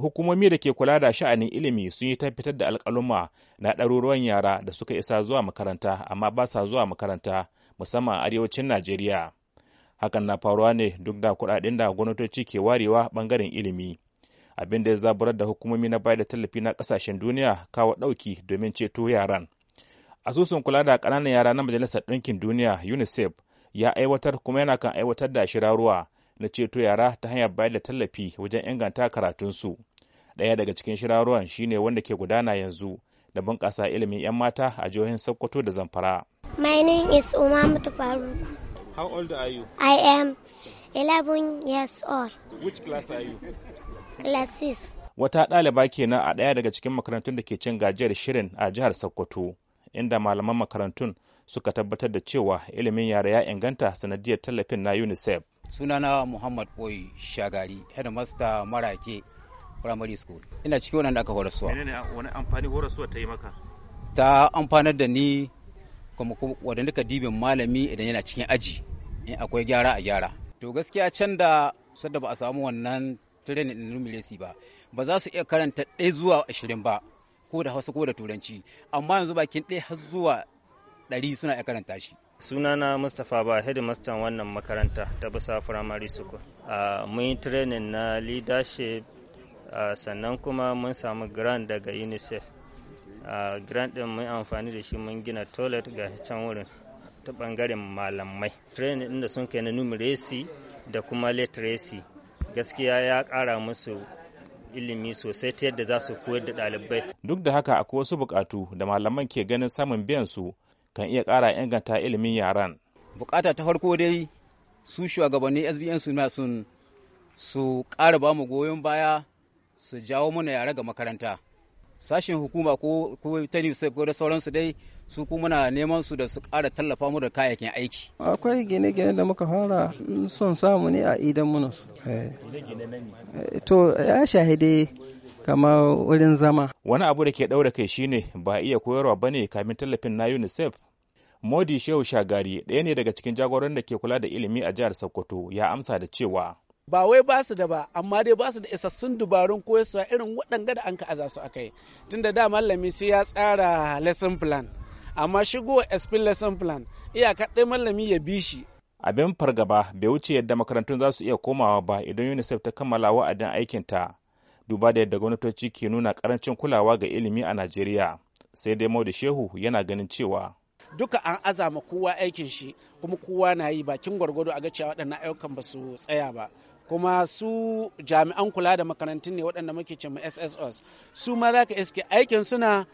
hukumomi da ke kula da sha'anin ilimi sun yi tabbatar da alƙaluma na ɗaruruwan yara da suka isa zuwa makaranta amma ba sa zuwa makaranta musamman a arewacin najeriya hakan na faruwa ne duk da kuɗaɗen da gwamnatoci ke warewa ɓangaren ilimi abin da ya zaburar da hukumomi na bayar da tallafi na ƙasashen duniya kawo ɗauki domin ceto yaran asusun kula da ƙananan yara na majalisar ɗinkin duniya unicef ya aiwatar kuma yana kan aiwatar da shirarwa na ceto yara ta hanyar bayar da tallafi wajen inganta karatunsu ɗaya daga cikin shirarwan shine wanda ke gudana yanzu da bunƙasa ilimin 'yan mata a jihohin sokoto da zamfara my name is Umar faruk how old are you i am 11 years old which class are you classes. wata ɗaliba kenan a ɗaya daga cikin makarantun da ke cin gajiyar shirin a jihar sokoto inda malaman makarantun suka tabbatar da cewa ilimin yara ya inganta sanadiyar tallafin na unicef sunana muhammad boy shagari headmaster marake primary school ina cikin wannan da aka horaswa menene wani amfani horaswa ta yi maka ta amfanar da ni kuma wadanda duka dibin malami idan yana cikin aji in akwai gyara a gyara to gaskiya can da sadda ba a samu wannan training din numeracy ba ba za su iya karanta ɗaya zuwa ashirin ba ko da hausa ko da turanci amma yanzu bakin ɗaya har zuwa ɗari suna iya karanta shi sunana mustapha ba headmaster wannan makaranta ta bisa primary school ah, mun yi training na leadership Ah, sannan kuma mun samu grant daga unicef ah, grant ɗin mun amfani da shi mun gina toilet ga can wurin ta bangaren malamai training din da sun kai na numeracy da kuma literacy gaskiya ya ƙara musu ilimi sosai ta yadda za su koyar da ɗalibai. Duk da haka akwai wasu buƙatu da malaman ke ganin samun biyan su kan iya ƙara inganta ilimin yaran. Bukata ta farko dai su shugabannin SBN suna sun su ƙara ba mu goyon baya su jawo mana yara ga makaranta sashen hukuma ko ta UNICEF ko da sauransu dai su kuma muna neman su da su ƙara tallafa mu da kayayyakin aiki akwai gine-gine da muka fara son samu ne a idan muna su eh. eh, to ya shahide kama wurin zama wani abu da ke ɗaura kai shine ba iya koyarwa bane kamin tallafin na UNICEF Modi Shehu Shagari ɗaya ne daga cikin jagoran da ke kula da ilimi a jihar Sokoto ya amsa da cewa ba wai ba su da ba amma dai ba su da isassun dubarun koyarwa irin waɗanga da an ka aza su akai tunda da mallami sai ya tsara lesson plan amma shigo explain lesson plan iyaka ɗaya mallami ya bi shi abin fargaba bai wuce yadda makarantun za su iya komawa ba idan unicef ta kammala wa'adin aikin ta duba da yadda gwamnatoci ke nuna karancin kulawa ga ilimi a najeriya sai dai Maudu Shehu yana ganin cewa duka an azama kowa aikin shi kuma kowa na yi bakin gwargwado a ga cewa waɗannan ayyukan ba su tsaya ba kuma su jami'an kula da makarantun ne waɗanda muke cewa SSOs su ma za ka iske aikin suna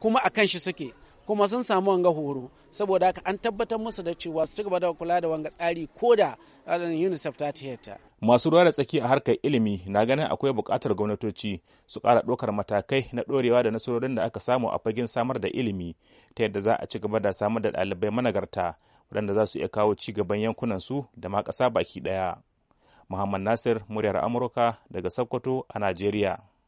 kuma a kan shi suke kuma sun samu wanga horo saboda haka an tabbatar musu da cewa su gaba da kula da wanga tsari ko da UNICEF ta tiyata. Masu ruwa da tsaki a harkar ilimi na ganin akwai bukatar gwamnatoci su ƙara ɗaukar matakai na ɗorewa da nasarorin da aka samu a fagen samar da ilimi ta yadda za a ci gaba da samar da ɗalibai managarta waɗanda za su iya kawo ci gaban yankunan su da ma ƙasa baki ɗaya. Muhammad Nasir, muryar Amurka daga Sokoto a Najeriya.